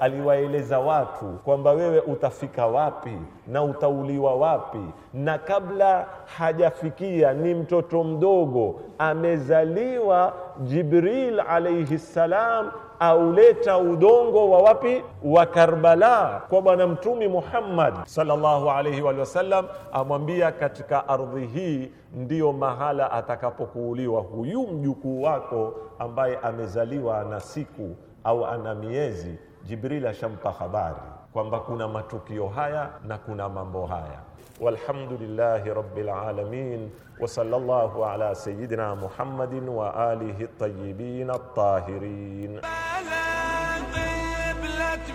aliwaeleza watu kwamba wewe utafika wapi na utauliwa wapi, na kabla hajafikia ni mtoto mdogo amezaliwa Jibril alaihi ssalam auleta udongo wa wapi wa Karbala kwa Bwana Mtumi Muhammad sallallahu alaihi wa sallam, amwambia katika ardhi hii ndiyo mahala atakapokuuliwa huyu mjukuu wako ambaye amezaliwa na siku au ana miezi. Jibril ashampa habari kwamba kuna matukio haya na kuna mambo haya. والحمد لله رب العالمين وصلى الله على سيدنا محمد وآله الطيبين الطاهرين قبلة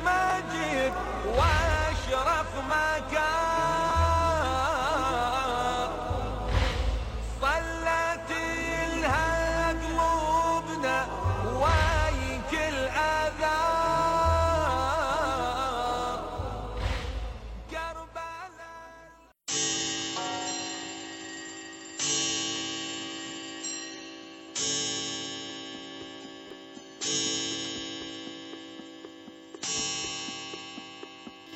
مجد وأشرف مكان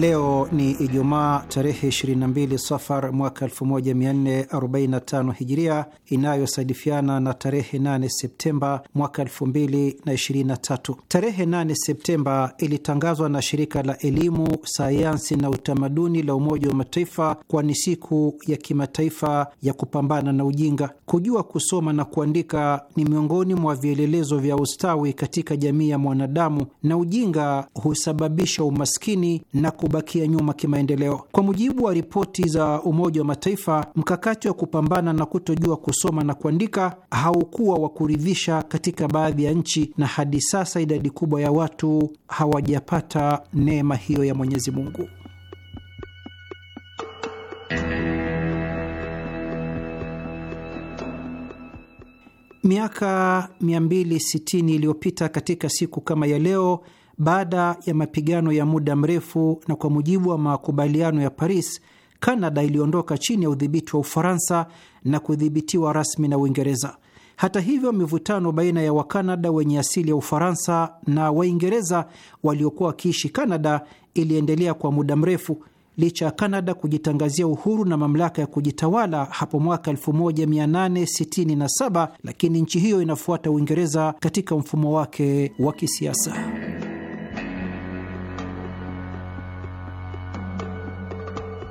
Leo ni Ijumaa tarehe 22 Safar mwaka 1445 Hijiria, inayosadifiana na tarehe 8 Septemba mwaka 2023. Tarehe 8 Septemba ilitangazwa na shirika la elimu, sayansi na utamaduni la Umoja wa Mataifa kwa ni siku ya kimataifa ya kupambana na ujinga. Kujua kusoma na kuandika ni miongoni mwa vielelezo vya ustawi katika jamii ya mwanadamu, na ujinga husababisha umaskini na kubakia nyuma kimaendeleo. Kwa mujibu wa ripoti za Umoja wa Mataifa, mkakati wa kupambana na kutojua kusoma na kuandika haukuwa wa kuridhisha katika baadhi ya nchi, na hadi sasa idadi kubwa ya watu hawajapata neema hiyo ya Mwenyezi Mungu. Miaka 260 iliyopita katika siku kama ya leo baada ya mapigano ya muda mrefu, na kwa mujibu wa makubaliano ya Paris, Kanada iliondoka chini ya udhibiti wa Ufaransa na kudhibitiwa rasmi na Uingereza. Hata hivyo, mivutano baina ya Wakanada wenye asili ya Ufaransa na Waingereza waliokuwa wakiishi Kanada iliendelea kwa muda mrefu licha ya Kanada kujitangazia uhuru na mamlaka ya kujitawala hapo mwaka 1867, lakini nchi hiyo inafuata Uingereza katika mfumo wake wa kisiasa.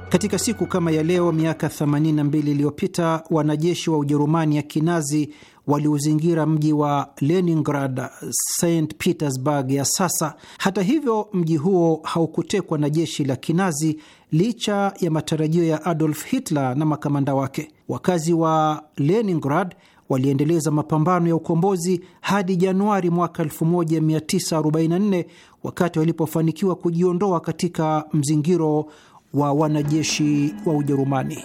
Katika siku kama ya leo miaka 82 iliyopita wanajeshi wa Ujerumani ya kinazi waliuzingira mji wa Leningrad, St Petersburg ya sasa. Hata hivyo, mji huo haukutekwa na jeshi la kinazi licha ya matarajio ya Adolf Hitler na makamanda wake. Wakazi wa Leningrad waliendeleza mapambano ya ukombozi hadi Januari mwaka 1944 wakati walipofanikiwa kujiondoa katika mzingiro wa wanajeshi wa Ujerumani.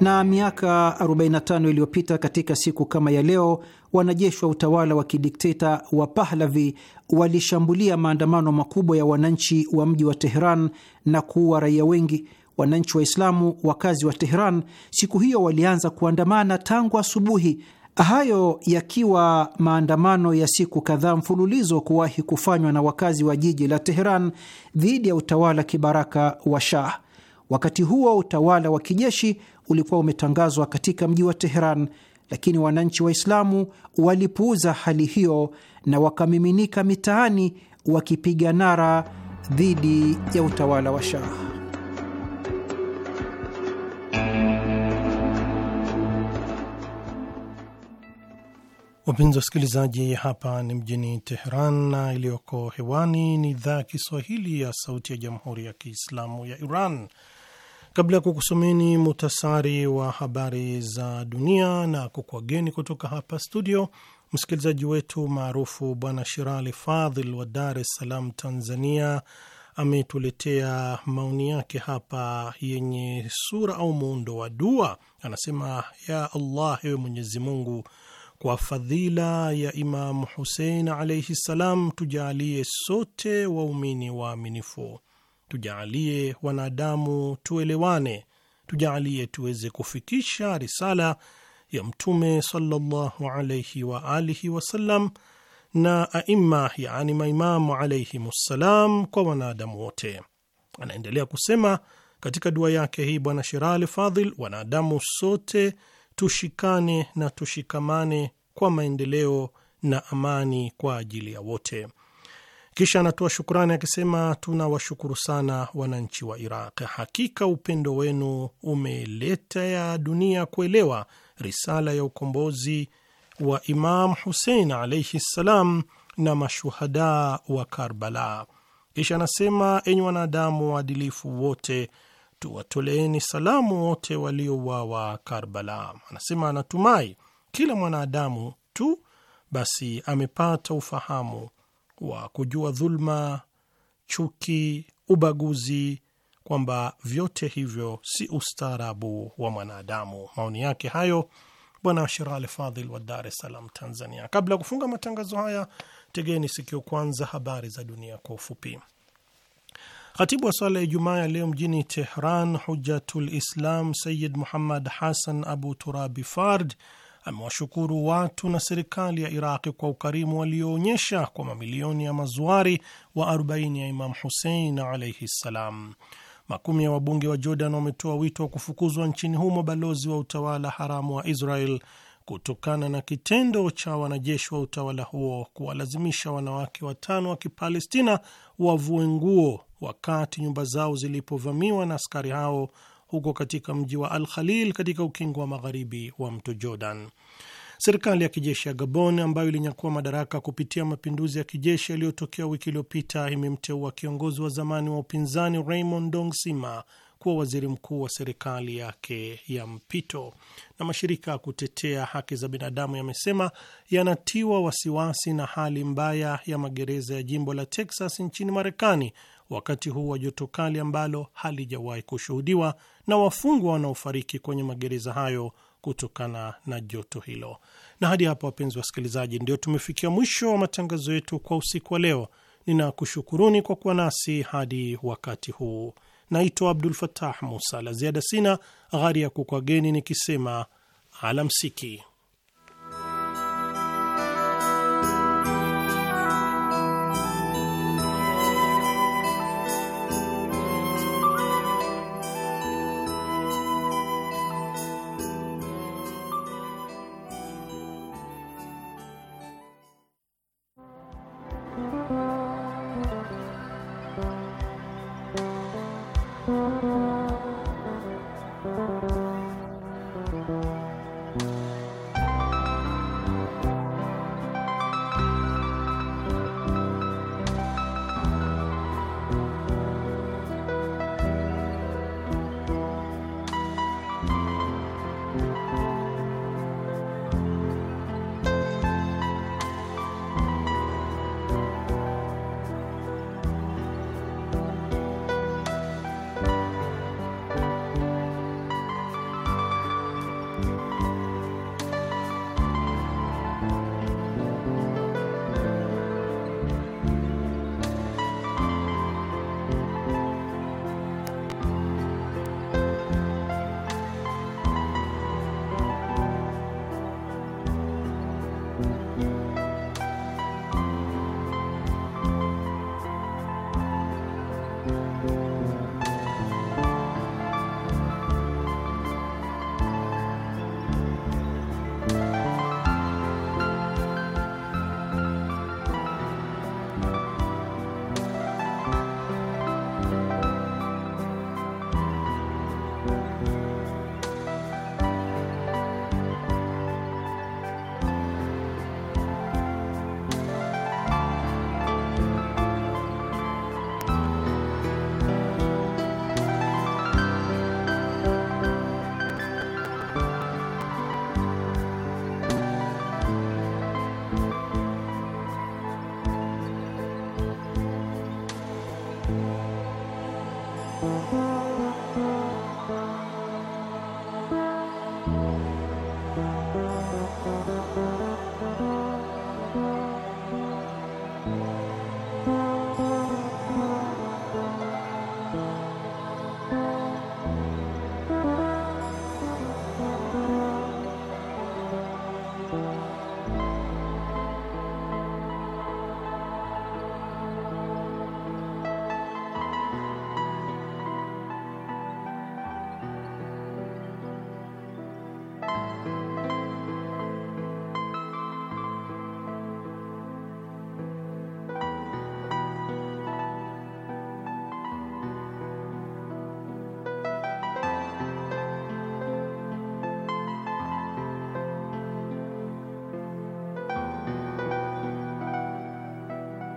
Na miaka 45 iliyopita katika siku kama ya leo, wanajeshi wa utawala wa kidikteta wa Pahlavi walishambulia maandamano makubwa ya wananchi wa mji wa Teheran na kuua raia wengi. Wananchi Waislamu wakazi wa Teheran siku hiyo walianza kuandamana tangu asubuhi Hayo yakiwa maandamano ya siku kadhaa mfululizo kuwahi kufanywa na wakazi wa jiji la Teheran dhidi ya utawala kibaraka wa Shah. Wakati huo utawala wa kijeshi ulikuwa umetangazwa katika mji wa Teheran, lakini wananchi Waislamu walipuuza hali hiyo na wakamiminika mitaani wakipiga nara dhidi ya utawala wa Shah. Wapenzi wasikilizaji, hapa ni mjini Teheran na iliyoko hewani ni idhaa ya Kiswahili ya Sauti ya Jamhuri ya Kiislamu ya Iran. Kabla ya kukusomeni muhtasari wa habari za dunia na kukwageni kutoka hapa studio, msikilizaji wetu maarufu Bwana Shirali Fadhil wa Dar es Salaam, Tanzania, ametuletea maoni yake hapa yenye sura au muundo wa dua. Anasema: ya Allah, ewe Mwenyezi Mungu, kwa fadhila ya Imamu Husein alaihi ssalam, tujaalie sote waumini waaminifu, tujaalie wanadamu tuelewane, tujaalie tuweze kufikisha risala ya Mtume sallallahu alaihi wa alihi wasallam na aima, yaani maimamu alaihim ssalam, kwa wanadamu wote. Anaendelea kusema katika dua yake hii Bwana Sherali Fadhil, wanadamu sote tushikane na tushikamane kwa maendeleo na amani kwa ajili ya wote. Kisha anatoa shukrani akisema, tunawashukuru sana wananchi wa Iraq, hakika upendo wenu umeleta ya dunia kuelewa risala ya ukombozi wa Imam Husein alaihi ssalam na mashuhada wa Karbala. Kisha anasema, enyi wanadamu waadilifu wote tuwatoleeni salamu wote waliouawa Karbala. Anasema anatumai kila mwanadamu tu basi amepata ufahamu wa kujua dhulma, chuki, ubaguzi, kwamba vyote hivyo si ustaarabu wa mwanadamu. Maoni yake hayo Bwana Ashira Alfadhil wa Dar es Salaam, Tanzania. Kabla ya kufunga matangazo haya, tegeni sikio kwanza habari za dunia kwa ufupi. Khatibu wa swala ya Ijumaa ya leo mjini Tehran, Hujatul Islam Sayid Muhammad Hassan Abu Turabi Fard amewashukuru watu na serikali ya Iraqi kwa ukarimu walioonyesha kwa mamilioni ya mazuari wa 40 ya Imam Husein alaihi ssalam. Makumi ya wabunge wa Jordan wametoa wito wa kufukuzwa nchini humo balozi wa utawala haramu wa Israel kutokana na kitendo cha wanajeshi wa utawala huo kuwalazimisha wanawake watano wa Kipalestina wavue nguo wakati nyumba zao zilipovamiwa na askari hao huko katika mji wa Al Khalil katika ukingo wa magharibi wa mto Jordan. Serikali ya kijeshi ya Gabon ambayo ilinyakua madaraka kupitia mapinduzi ya kijeshi yaliyotokea wiki iliyopita imemteua kiongozi wa zamani wa upinzani Raymond Dongsima kuwa waziri mkuu wa serikali yake ya mpito. Na mashirika ya kutetea haki za binadamu yamesema yanatiwa wasiwasi na hali mbaya ya magereza ya jimbo la Texas nchini Marekani wakati huu wa joto kali ambalo halijawahi kushuhudiwa na wafungwa wanaofariki kwenye magereza hayo kutokana na joto hilo. Na hadi hapa, wapenzi wasikilizaji, ndio tumefikia mwisho wa matangazo yetu kwa usiku wa leo. Ninakushukuruni kwa kuwa nasi hadi wakati huu. Naitwa Abdul Fatah Musa. La ziada sina, ghari ya kukwageni nikisema alamsiki.